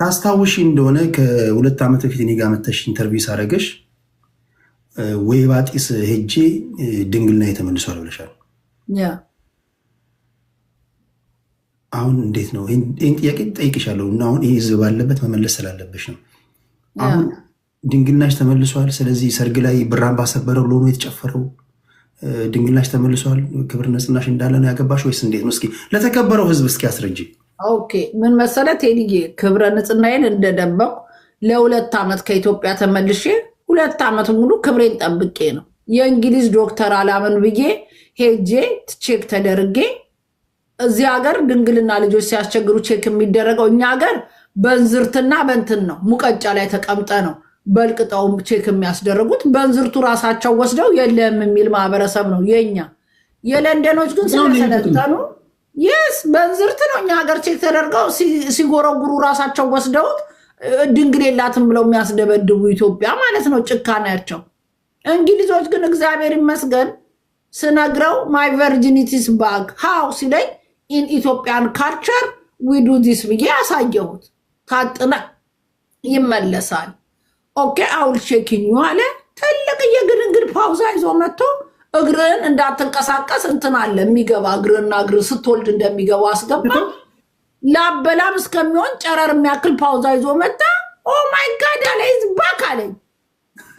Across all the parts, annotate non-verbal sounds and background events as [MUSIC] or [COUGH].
ታስታውሺ እንደሆነ ከሁለት ዓመት በፊት እኔ ጋ መተሽ ኢንተርቪው ሳረገሽ ወይባ ጢስ ሄጄ ድንግልና የተመልሷል ብለሻል። አሁን እንዴት ነው ይህን ጥያቄ ጠይቅሻለሁ እና አሁን ይህ ህዝብ ባለበት መመለስ ስላለበች ነው። አሁን ድንግልናሽ ተመልሷል። ስለዚህ ሰርግ ላይ ብራን ባሰበረው ለሆኖ የተጨፈረው ድንግልናሽ ተመልሷል፣ ክብር ነጽናሽ እንዳለ ነው ያገባሽ ወይስ እንዴት ነው? እስኪ ለተከበረው ህዝብ እስኪ አስረጅ። ኦኬ ምን መሰለ ቴዲዬ፣ ክብረ ንጽህናዬን እንደደበቅ ለሁለት ዓመት ከኢትዮጵያ ተመልሼ ሁለት ዓመት ሙሉ ክብሬን ጠብቄ ነው የእንግሊዝ ዶክተር አላምን ብዬ ሄጄ ቼክ ተደርጌ እዚህ ሀገር ድንግልና ልጆች ሲያስቸግሩ ቼክ የሚደረገው እኛ ሀገር በእንዝርትና በንትን ነው። ሙቀጫ ላይ ተቀምጠ ነው በልቅጠው ቼክ የሚያስደረጉት በእንዝርቱ ራሳቸው ወስደው የለም የሚል ማህበረሰብ ነው የኛ። የለንደኖች ግን ስለሰለጠኑ የስ በእንዝርት ነው እኛ ሀገር ቼክ ተደርገው ሲጎረጉሩ ራሳቸው ወስደውት ድንግል የላትም ብለው የሚያስደበድቡ ኢትዮጵያ ማለት ነው ጭካኔያቸው። እንግሊዞች ግን እግዚአብሔር ይመስገን ስነግረው ማይ ቨርጂኒቲስ ባግ ሃው ሲለኝ ኢን ኢትዮጵያን ካልቸር ዊዱ ዲስ ብዬ ያሳየሁት ካጥነ ይመለሳል። ኦኬ አውል ሼኪኙ አለ። ትልቅ የግድንግድ ፓውዛ ይዞ መጥቶ እግርህን እንዳትንቀሳቀስ እንትን አለ የሚገባ እግርህና እግር ስትወልድ እንደሚገባ አስገባ። ላበላም እስከሚሆን ጨረር የሚያክል ፓውዛ ይዞ መጣ። ኦ ማይ ጋድ አለ ባክ አለኝ።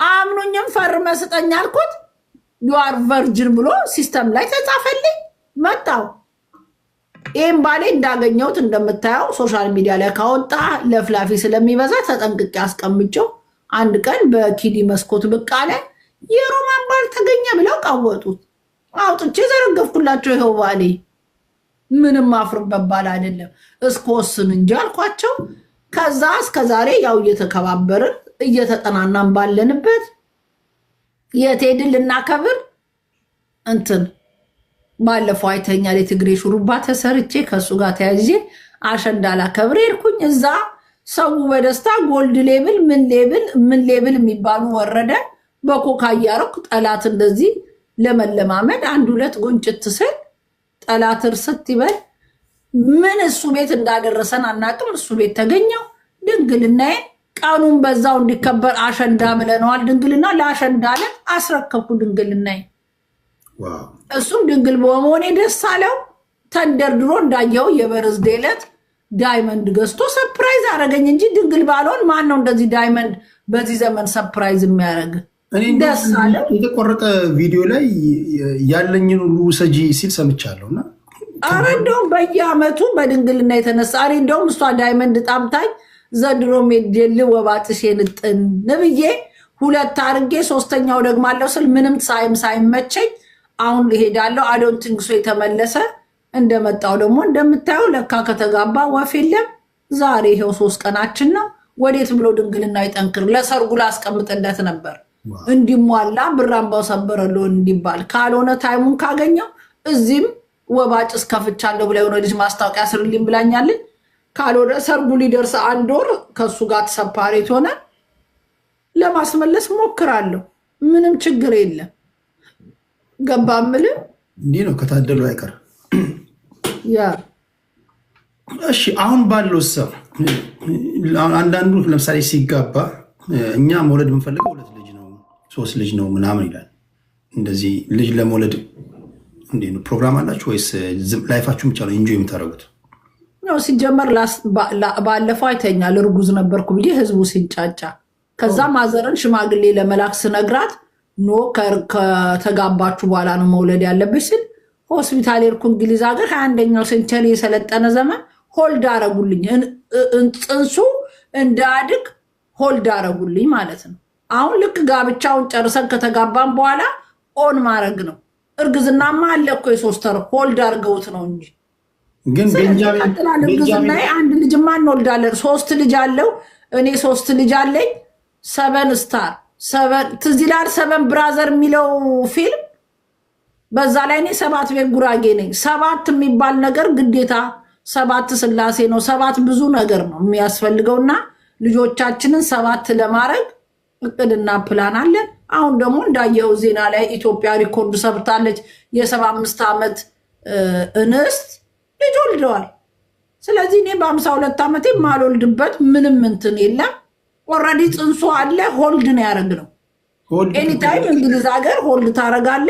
አምኑኝም ፈርመ ስጠኝ አልኩት። ዩአር ቨርጅን ብሎ ሲስተም ላይ ተጻፈልኝ። መጣው ይህም ባሌ እንዳገኘሁት እንደምታየው ሶሻል ሚዲያ ላይ ካወጣ ለፍላፊ ስለሚበዛ ተጠንቅቄ አስቀምጨው አንድ ቀን በኪዲ መስኮት ብቅ አለ። የሮማን ባል ተገኘ ብለው ቃወጡት። አውጥቼ ዘረገፍኩላቸው። ይኸው ባሌ ምንም አፍርበት ባል አይደለም እስከወስን እንጂ አልኳቸው። ከዛ እስከ ዛሬ ያው እየተከባበርን እየተጠናናን ባለንበት የቴድን ልናከብር እንትን ባለፈው አይተኛል። የትግሬ ሹሩባ ተሰርቼ ከእሱ ጋር ተያይዤ አሸንዳ ላከብር ሄድኩኝ። እዛ ሰው በደስታ ጎልድ ሌብል ምን ሌብል ምን ሌብል የሚባሉ ወረደ በኮካ እያረኩ ጠላት እንደዚህ ለመለማመድ አንድ ሁለት ጎንጭት ስል ጠላት እርስት ይበል። ምን እሱ ቤት እንዳደረሰን አናቅም። እሱ ቤት ተገኘው ድንግልናዬ ቀኑን በዛው እንዲከበር አሸንዳ ምለነዋል። ድንግልና ለአሸንዳ ለት አስረከብኩ ድንግልናዬ። እሱም ድንግል በመሆኔ ደስ አለው። ተንደርድሮ እንዳየው የበርዝዴ ዕለት ዳይመንድ ገዝቶ ሰርፕራይዝ አደረገኝ እንጂ ድንግል ባልሆን ማን ነው እንደዚህ ዳይመንድ በዚህ ዘመን ሰርፕራይዝ የሚያደርግ? እኔ የተቆረጠ ቪዲዮ ላይ ያለኝን ሁሉ ውሰጂ ሲል ሰምቻለሁ። እና አረ እንደውም በየአመቱ በድንግልና የተነሳ አሬ እንደውም እሷ ዳይመንድ ጣምታኝ ዘንድሮ ሜድል ወባጥሽ የንጥን ንብዬ ሁለት አርጌ ሶስተኛው ደግሞ አለው ስል ምንም ሳይም ሳይመቸኝ አሁን ልሄዳለሁ። አዶን ትንግሶ የተመለሰ እንደመጣው ደግሞ እንደምታየው ለካ ከተጋባ ወፍ የለም። ዛሬ ይሄው ሶስት ቀናችን ነው። ወዴት ብሎ ድንግልና ይጠንክር። ለሰርጉ ላስቀምጥለት ነበር እንዲሟላ ብር አምባሳደርልዎ እንዲባል ካልሆነ ታይሙን ካገኘው እዚህም ወባ ጭስ ከፍቻለሁ ብላ የሆነ ልጅ ማስታወቂያ ስርልኝ ብላኛለች። ካልሆነ ሰርጉ ሊደርስ አንድ ወር ከእሱ ጋር ተሰፓሬት ሆነ ለማስመለስ ሞክራለሁ። ምንም ችግር የለም። ገባ ምልም እንዲህ ነው ከታደሉ አይቀር እሺ አሁን ባለው ሰው አንዳንዱ ለምሳሌ ሲጋባ እኛ መውለድ የምንፈልገው ሁለት ልጅ ሶስት ልጅ ነው ምናምን ይላል። እንደዚህ ልጅ ለመውለድ እንዴት ነው ፕሮግራም አላችሁ ወይስ ላይፋችሁን ብቻ ነው ኢንጆይ የምታደርጉት? ሲጀመር ባለፈው አይተኛል እርጉዝ ነበርኩ ብዬ ህዝቡ ሲንጫጫ፣ ከዛ ማዘርን ሽማግሌ ለመላክ ስነግራት ኖ ከተጋባችሁ በኋላ ነው መውለድ ያለብሽ ስል ሆስፒታል የርኩ እንግሊዝ ሀገር ከአንደኛው ሴንቸሪ የሰለጠነ ዘመን ሆልድ አረጉልኝ፣ ጽንሱ እንዳድግ ሆልድ አረጉልኝ ማለት ነው። አሁን ልክ ጋብቻውን ጨርሰን ከተጋባን በኋላ ኦን ማድረግ ነው። እርግዝናማ አለ እኮ የሶስት ሆልድ አርገውት ነው እንጂ ግን ቀጥላል። እርግዝና አንድ ልጅማ እንወልዳለን። ሶስት ልጅ አለው። እኔ ሶስት ልጅ አለኝ። ሰቨን ስታር ትዝ ይላል። ብራዘር የሚለው ፊልም በዛ ላይ እኔ ሰባት ቤት ጉራጌ ነኝ። ሰባት የሚባል ነገር ግዴታ ሰባት ስላሴ ነው። ሰባት ብዙ ነገር ነው የሚያስፈልገውና ልጆቻችንን ሰባት ለማድረግ እቅድና ፕላን አለን። አሁን ደግሞ እንዳየው ዜና ላይ ኢትዮጵያ ሪኮርድ ሰብታለች። የሰባ አምስት ዓመት እንስት ልጅ ወልደዋል። ስለዚህ እኔ በአምሳ ሁለት ዓመት የማልወልድበት ምንም እንትን የለም። ኦልሬዲ ጽንሱ አለ። ሆልድ ነው ነው። ኤኒታይም እንግሊዝ ሀገር ሆልድ ታደረጋለ።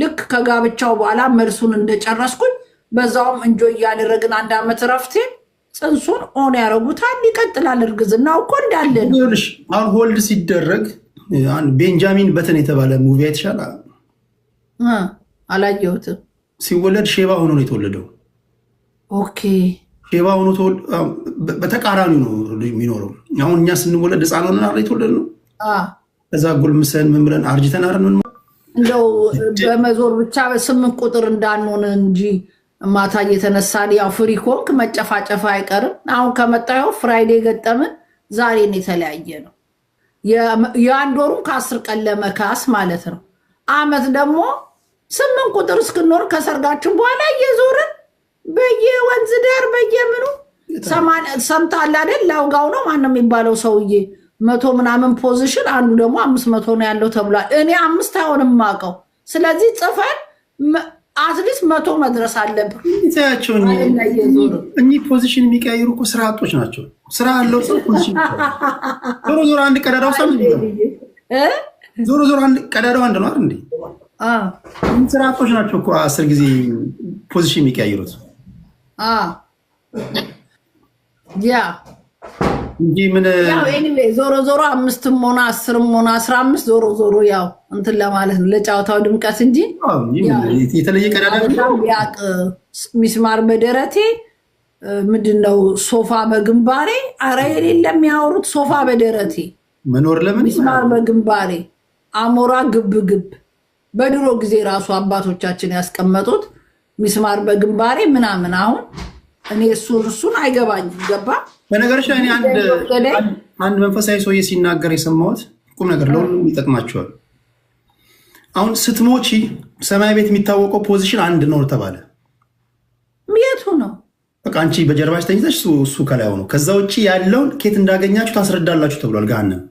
ልክ ከጋብቻው በኋላ መልሱን እንደጨረስኩኝ በዛውም እንጆ እያደረግን አንድ ዓመት ረፍቴ ጽንሱን ኦን ያደረጉታል። ይቀጥላል። እርግዝናው እኮ እንዳለ ነው። አሁን ሆልድ ሲደረግ ቤንጃሚን በተን የተባለ ሙቪ አይተሻል? አላየሁትም። ሲወለድ ሼባ ሆኖ ነው የተወለደው። ኦኬ ሼባ ሆኖ በተቃራኒ ነው የሚኖረው። አሁን እኛ ስንወለድ ህፃን ሆነን አይደል የተወለድነው? ከዛ ጎልምሰን ምን ብለን አርጅተን አይደል እንደው በመዞር ብቻ ስምንት ቁጥር እንዳንሆን እንጂ ማታ እየተነሳ ያው ፍሪ ኮንክ መጨፋጨፍ አይቀርም። አሁን ከመጣ ፍራይዴ ገጠምን፣ ዛሬን የተለያየ ነው። የአንድ ወሩም ከአስር ቀን ለመካስ ማለት ነው። አመት ደግሞ ስምንት ቁጥር እስክኖር ከሰርጋችን በኋላ እየዞርን በየወንዝ ዳር በየምኑ ሰምተሃል አይደል? ላውጋው ነው ማነው የሚባለው ሰውዬ መቶ ምናምን ፖዚሽን አንዱ ደግሞ አምስት መቶ ነው ያለው ተብሏል። እኔ አምስት አይሆንም ማቀው ስለዚህ ጽፈን አትሊስት መቶ መድረስ አለብህ። ያቸው እኚህ ፖዚሽን የሚቀያየሩ እኮ ስራ አጦች ናቸው። ስራ አለው ሰው ፖዚሽን ዞሮ ዞሮ አንድ ቀዳዳው ሰው ዞሮ ዞሮ አንድ ቀዳዳው አንድ ነው እንዴ? ስራ አጦች ናቸው እኮ አስር ጊዜ ፖዚሽን የሚቀያየሩት ያ እንጂ ምን ዞሮ ዞሮ አምስትም ሆነ አስርም ሆነ አስራ አምስት ዞሮ ዞሮ ያው እንትን ለማለት ነው ለጨዋታው ድምቀት እንጂ የተለየ ቀዳዳ ሚስማር በደረቴ ምንድን ነው ሶፋ በግንባሬ አረ የሌለ የሚያወሩት ሶፋ በደረቴ መኖር ለምን ሚስማር በግንባሬ አሞራ ግብ ግብ በድሮ ጊዜ ራሱ አባቶቻችን ያስቀመጡት ሚስማር በግንባሬ ምናምን አሁን እኔ እሱን እሱን አይገባኝም። ገባ በነገሮች ላይ አንድ መንፈሳዊ ሰውዬ ሲናገር የሰማሁት ቁም ነገር ለሁሉም ይጠቅማቸዋል። አሁን ስትሞቺ ሰማይ ቤት የሚታወቀው ፖዚሽን አንድ ነው ተባለ። የቱ ነው? በቃ አንቺ በጀርባሽ ተኝተሽ እሱ ከላይ ሆኖ ከዛ ውጭ ያለውን ኬት እንዳገኛችሁ ታስረዳላችሁ ተብሏል። ገሃነም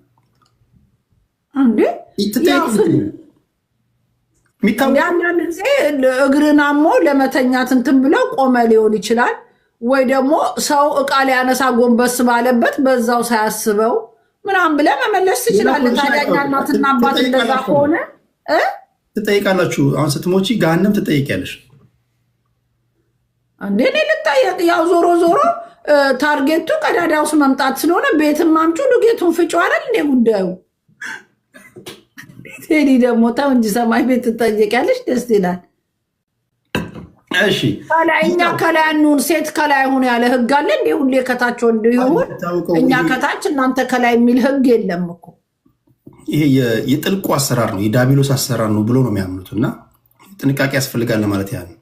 የሚታወቀው አንዳንድ ጊዜ እግርን አሞ ለመተኛት እንትን ብለው ቆመ ሊሆን ይችላል ወይ ደግሞ ሰው እቃ ሊያነሳ ጎንበስ ባለበት በዛው ሳያስበው ምናምን ብለህ መመለስ ትችላለህ። ታዲያ እናትና አባት እንደዛ ከሆነ ትጠይቃላችሁ። አሁን ስትሞቺ ገሃነም ትጠይቂያለሽ። እንዴ እኔ ልጠየቅ? ያው ዞሮ ዞሮ ታርጌቱ ቀዳዳ ውስጥ መምጣት ስለሆነ ቤትን ማምጩ ዱቄቱን ፍጩ አይደል እንዴ ጉዳዩ። [LAUGHS] ቴዲ ደግሞ ተው እንጂ ሰማይ ቤት ትጠየቂያለሽ። ደስ ይላል። እሺ ከላይ እኛ ከላይ እንሁን፣ ሴት ከላይ ሁን ያለ ህግ አለ እንዴ? ሁሌ ከታች ወንድ ይሁን፣ እኛ ከታች እናንተ ከላይ የሚል ህግ የለም እኮ። ይሄ የጥልቁ አሰራር ነው፣ የዳቢሎስ አሰራር ነው ብሎ ነው የሚያምኑት፣ እና ጥንቃቄ ያስፈልጋል ማለት ያ ነው።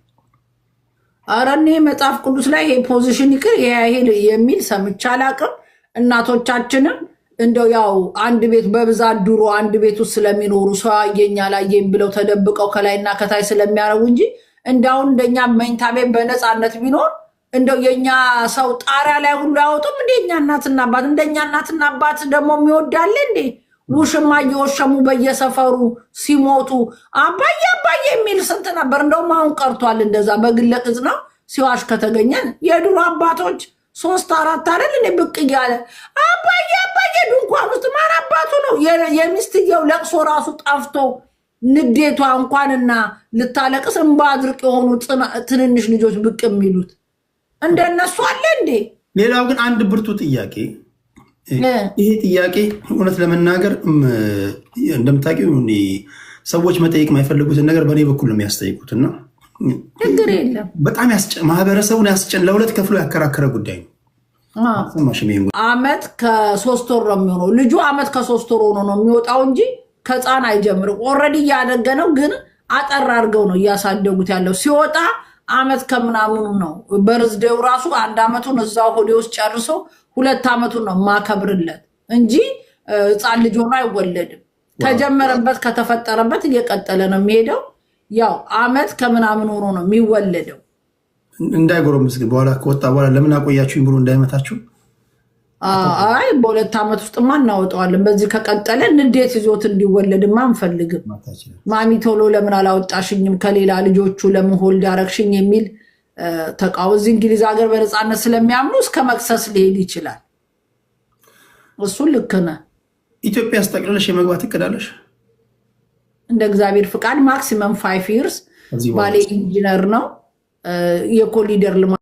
እኔ መጽሐፍ ቅዱስ ላይ ይሄ ፖዚሽን ይቅር ይሄ የሚል ሰምቼ አላቅም። እናቶቻችንም እንደው ያው አንድ ቤት በብዛት ድሮ አንድ ቤት ውስጥ ስለሚኖሩ ሰው አየኝ አላየኝ ብለው ተደብቀው ከላይና ከታች ስለሚያረጉ እንጂ እንዳሁን እንደኛ መኝታ ቤት በነፃነት ቢኖር እንደው የኛ ሰው ጣሪያ ላይ ሁሉ አያወጡም እንደ እኛ እናትና አባት። እንደኛ እናትና አባት ደግሞ የሚወዳለ እንዴ ውሽማ እየወሸሙ በየሰፈሩ ሲሞቱ አባዬ አባዬ የሚል ስንት ነበር። እንደውም አሁን ቀርቷል። እንደዛ በግለ ቅጽ ነው ሲዋሽ ከተገኘን የድሮ አባቶች ሶስት አራት አይደል እኔ ብቅ እያለ አባዬ አባዬ ድንኳን ውስጥ ማን አባቱ ነው የሚስትየው ለቅሶ ራሱ ጣፍቶ ንዴቷ እንኳንና ልታለቅስ እንባ አድርቅ የሆኑ ትንንሽ ልጆች ብቅ የሚሉት እንደነሱ አለ እንዴ? ሌላው ግን አንድ ብርቱ ጥያቄ ይሄ ጥያቄ እውነት ለመናገር እንደምታውቂው ሰዎች መጠየቅ የማይፈልጉትን ነገር በእኔ በኩል ነው የሚያስጠይቁትና ችግር የለም። በጣም ማህበረሰቡን ያስጨን ለሁለት ከፍሎ ያከራከረ ጉዳይ ነው። አመት ከሶስት ወር ነው የሚሆነው ልጁ አመት ከሶስት ወር ሆኖ ነው የሚወጣው እንጂ ከህፃን አይጀምርም። ኦልሬዲ እያደገ ነው፣ ግን አጠር አድርገው ነው እያሳደጉት ያለው። ሲወጣ አመት ከምናምኑ ነው። በርዝዴው ራሱ አንድ አመቱን እዛው ሆዴ ውስጥ ጨርሶ ሁለት አመቱን ነው ማከብርለት እንጂ ህፃን ልጅ ሆኖ አይወለድም። ከጀመረበት ከተፈጠረበት እየቀጠለ ነው የሚሄደው። ያው አመት ከምናምን ሆኖ ነው የሚወለደው። እንዳይጎረምስ ግን በኋላ ከወጣ በኋላ ለምን አቆያችሁኝ ብሎ እንዳይመታችሁ አይ በሁለት ዓመት ውስጥማ እናወጣዋለን። በዚህ ከቀጠለ እንዴት ይዞት እንዲወለድማ አንፈልግም። ማሚ ቶሎ ለምን አላወጣሽኝም ከሌላ ልጆቹ ለምን ሆልድ ያረግሽኝ የሚል ተቃው እዚህ እንግሊዝ ሀገር በነፃነት ስለሚያምኑ እስከ መቅሰስ ሊሄድ ይችላል። እሱ ልክ ነህ። ኢትዮጵያ ስጠቅልለሽ የመግባት እቅዳለሽ? እንደ እግዚአብሔር ፍቃድ ማክሲመም ፋይቭ ይርስ። ባሌ ኢንጂነር ነው የኮሊደር ልማ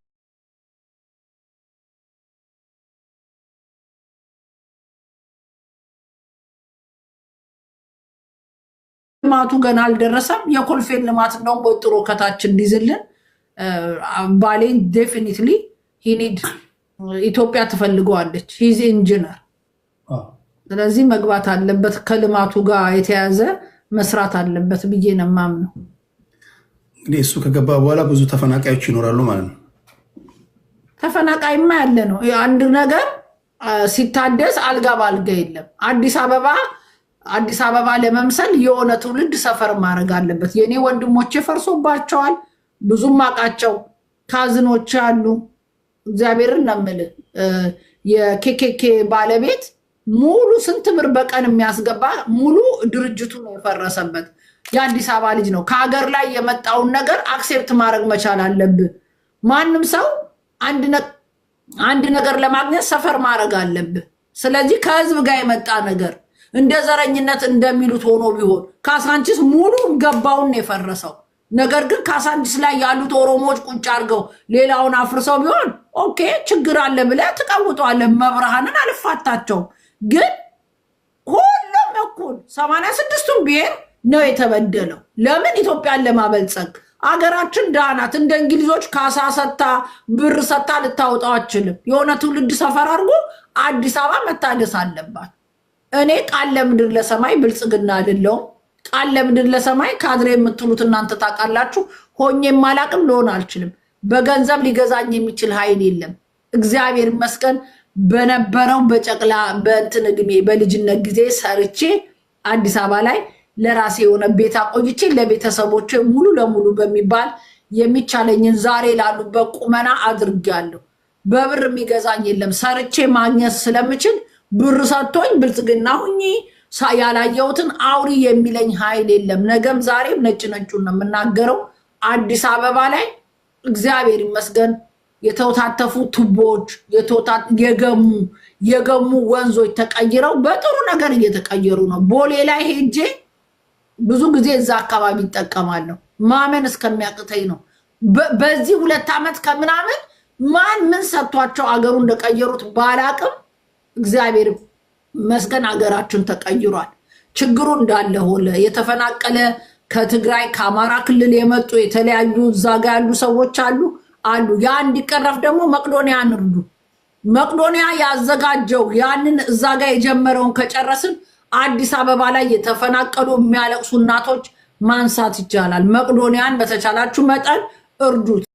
ልማቱ ገና አልደረሰም። የኮልፌን ልማት እንደውም ወጥሮ ከታች እንዲዝልን ባሌን ዴፊኒትሊ ሂኒድ ኢትዮጵያ ትፈልገዋለች። ሂዝ ኢንጂነር ስለዚህ መግባት አለበት። ከልማቱ ጋር የተያዘ መስራት አለበት ብዬ ነው የማምነው። እንግዲህ እሱ ከገባ በኋላ ብዙ ተፈናቃዮች ይኖራሉ ማለት ነው። ተፈናቃይማ ያለ ነው። አንድ ነገር ሲታደስ አልጋ ባልጋ የለም። አዲስ አበባ አዲስ አበባ ለመምሰል የሆነ ትውልድ ሰፈር ማድረግ አለበት። የእኔ ወንድሞቼ ፈርሶባቸዋል። ብዙም አቃቸው ካዝኖች አሉ። እግዚአብሔርን ነምል የኬኬኬ ባለቤት ሙሉ ስንት ብር በቀን የሚያስገባ ሙሉ ድርጅቱ ነው የፈረሰበት። የአዲስ አበባ ልጅ ነው። ከሀገር ላይ የመጣውን ነገር አክሴፕት ማድረግ መቻል አለብህ። ማንም ሰው አንድ ነገር ለማግኘት ሰፈር ማድረግ አለብህ። ስለዚህ ከህዝብ ጋር የመጣ ነገር እንደ ዘረኝነት እንደሚሉት ሆኖ ቢሆን ካሳንቺስ ሙሉ ገባውን የፈረሰው ነገር ግን ካሳንቺስ ላይ ያሉት ኦሮሞዎች ቁጭ አድርገው ሌላውን አፍርሰው ቢሆን ኦኬ ችግር አለ ብለህ ትቀውጠዋለህ። መብርሃንን አልፋታቸውም። ግን ሁሉም እኩል ሰማንያ ስድስቱን ብሔር ነው የተበደለው። ለምን ኢትዮጵያን ለማበልጸግ አገራችን ዳናት እንደ እንግሊዞች ካሳ ሰታ ብር ሰታ ልታወጣው አችልም። የሆነ ትውልድ ሰፈር አድርጎ አዲስ አበባ መታደስ አለባት። እኔ ቃል ለምድር ለሰማይ ብልጽግና አይደለውም። ቃል ለምድር ለሰማይ ካድሬ የምትሉት እናንተ ታውቃላችሁ። ሆኜ የማላቅም ልሆን አልችልም። በገንዘብ ሊገዛኝ የሚችል ኃይል የለም። እግዚአብሔር ይመስገን በነበረው በጨቅላ በእንትን እድሜ በልጅነት ጊዜ ሰርቼ አዲስ አበባ ላይ ለራሴ የሆነ ቤት አቆይቼ ለቤተሰቦች ሙሉ ለሙሉ በሚባል የሚቻለኝን ዛሬ ላሉበት ቁመና አድርጌያለሁ። በብር የሚገዛኝ የለም። ሰርቼ ማግኘት ስለምችል ብር ሰጥቶኝ ብልጽግና ሁኚ ያላየሁትን አውሪ የሚለኝ ኃይል የለም። ነገም ዛሬም ነጭ ነጩን ነው የምናገረው። አዲስ አበባ ላይ እግዚአብሔር ይመስገን የተወታተፉ ቱቦዎች የገሙ የገሙ ወንዞች ተቀይረው በጥሩ ነገር እየተቀየሩ ነው። ቦሌ ላይ ሄጄ ብዙ ጊዜ እዛ አካባቢ ይጠቀማለሁ። ማመን እስከሚያቅተኝ ነው። በዚህ ሁለት ዓመት ከምናምን ማን ምን ሰጥቷቸው አገሩ እንደቀየሩት ባላቅም እግዚአብሔር መስገን አገራችን ተቀይሯል። ችግሩ እንዳለ ሆነ። የተፈናቀለ ከትግራይ ከአማራ ክልል የመጡ የተለያዩ እዛ ጋ ያሉ ሰዎች አሉ አሉ። ያ እንዲቀረፍ ደግሞ መቅዶኒያ እርዱ። መቅዶኒያ ያዘጋጀው ያንን እዛ ጋ የጀመረውን ከጨረስን አዲስ አበባ ላይ የተፈናቀሉ የሚያለቅሱ እናቶች ማንሳት ይቻላል። መቅዶኒያን በተቻላችሁ መጠን እርዱት።